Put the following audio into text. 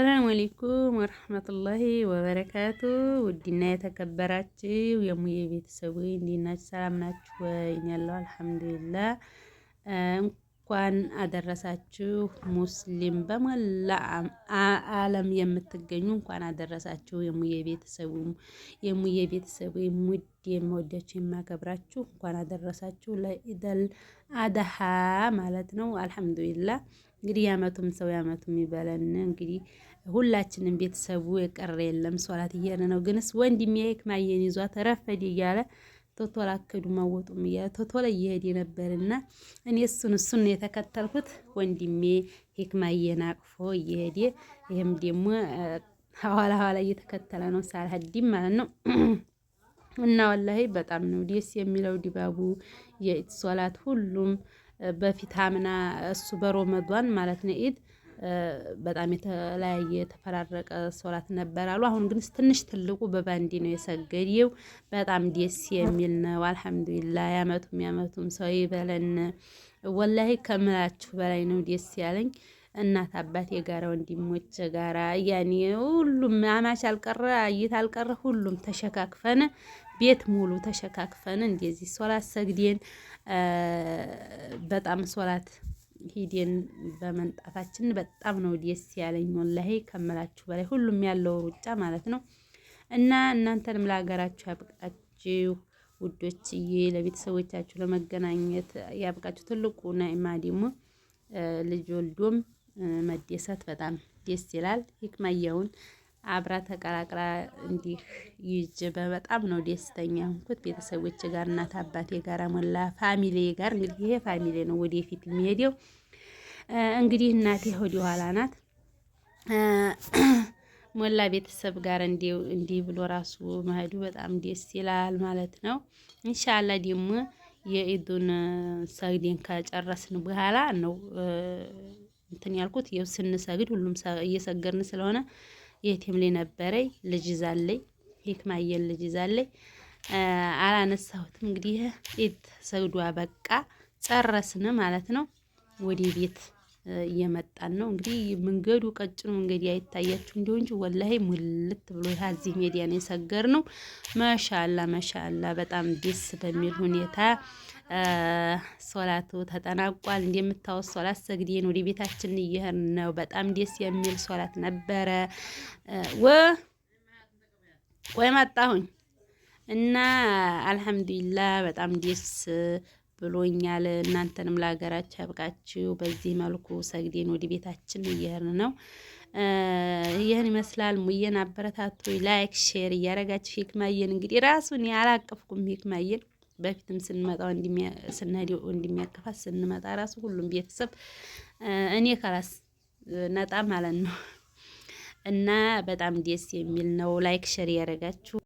አሰላሙ አሌይኩም ወረህመቱላሂ ወበረካቱ። ውድና የተከበራችሁ የሙዬ ቤተሰቦች እንዴት ናችሁ? ሰላም ናችሁ ወይ? እኔ አለሁ አልሐምዱሊላህ። እንኳን አደረሳችሁ ሙስሊም በመላ ዓለም የምትገኙ እንኳን አደረሳችሁ። የሙዬ ቤተሰቡ የሙዬ ቤተሰቡ ሙድ የምወዳችሁ የማከብራችሁ እንኳን አደረሳችሁ ለኢደል አደሃ ማለት ነው። አልሐምዱሊላ እንግዲህ የአመቱም ሰው የአመቱም ይበለን። እንግዲህ ሁላችንም ቤተሰቡ የቀረ የለም። ሶላት እያለ ነው ግንስ ወንድሜ ክማየን ይዟት ረፈድ እያለ ቶቶ አክዱ ማወጡም እያለ ላይ እየሄድ ነበርና እኔ እሱን እሱን የተከተልኩት ወንድሜ ሂክማዬን አቅፎ እየሄደ ይህም ደግሞ ኋላ ኋላ እየተከተለ ነው ሳልሀዲም ማለት ነው። እና ወላሂ በጣም ነው ደስ የሚለው ድባቡ የኢድ ሶላት ሁሉም በፊት አምና እሱ በሮመዷን ማለት ነው ኢድ በጣም የተለያየ የተፈራረቀ ሶላት ነበር አሉ። አሁን ግን ትንሽ ትልቁ በባንዲ ነው የሰገድየው። በጣም ደስ የሚል ነው። አልሐምዱሊላ ያመቱም ያመቱም ሰው ይበለን። ወላሂ ከምላችሁ በላይ ነው ደስ ያለኝ። እናት አባት የጋራ ወንድሞች ጋራ ያኔ ሁሉም አማች አልቀረ አይት አልቀረ ሁሉም ተሸካክፈን ቤት ሙሉ ተሸካክፈን እንደዚህ ሶላት ሰግዴን በጣም ሶላት ሂደን በመምጣታችን በጣም ነው ደስ ያለኝ ወላሂ ከመላችሁ በላይ ሁሉም ያለው ሩጫ ማለት ነው። እና እናንተንም ለሀገራችሁ ያብቃችሁ ውዶችዬ፣ ለቤተሰቦቻችሁ ለመገናኘት ያብቃችሁ። ትልቁ ናይማ ደግሞ ልጅ ወልዶም መደሰት በጣም ደስ ይላል። ሂክማየውን አብራ ተቀራቅራ እንዲህ ይጅ በጣም ነው ደስተኛ ሆንኩት። ቤተሰቦች ጋር እናት አባቴ ጋር ሞላ ፋሚሊ ጋር እንግዲህ ይሄ ፋሚሊ ነው ወደፊት የሚሄደው። እንግዲህ እናቴ ወደ ኋላ ናት። ሞላ ቤተሰብ ጋር እንዲህ ብሎ ራሱ መሄዱ በጣም ደስ ይላል ማለት ነው። እንሻላ ደግሞ የኢዱን ሰግዴን ከጨረስን በኋላ ነው እንትን ያልኩት። ይኸው ስንሰግድ ሁሉም እየሰገድን ስለሆነ የቲም ላይ ነበረኝ ልጅ ይዛለኝ ሂክማየን ልጅ ይዛለኝ አላነሳሁትም። እንግዲህ ኢድ ሰግዷ በቃ ጨረስን ማለት ነው ወደ ቤት እየመጣን ነው። እንግዲህ መንገዱ ቀጭኑ መንገድ ያይታያችሁ እንዲሁ እንጂ ወላሂ ሙልት ብሎ እዚህ ሜዲያን የሰገር ነው። መሻላ መሻላ በጣም ደስ በሚል ሁኔታ ሶላቱ ተጠናቋል። እንደምታወስ ሶላት ሰግዴን ወደ ቤታችን እየሄድን ነው። በጣም ደስ የሚል ሶላት ነበረ። ወ ቆይ መጣሁኝ እና አልሐምዱሊላህ በጣም ደስ ብሎኛል። እናንተንም ለሀገራችሁ ያብቃችሁ። በዚህ መልኩ ሰግዴን ወደ ቤታችን እየሄድን ነው። ይህን ይመስላል። ሙየን አበረታቱ። ላይክ ሼር እያረጋችሁ ሂክማየን እንግዲህ ራሱን ያላቀፍኩም ሂክማየን በፊትም ስንመጣ ስንሄድ እንደሚያቀፋት ስንመጣ ራሱ ሁሉም ቤተሰብ እኔ ከራስ ነጣ ማለት ነው እና በጣም ደስ የሚል ነው። ላይክ ሼር እያረጋችሁ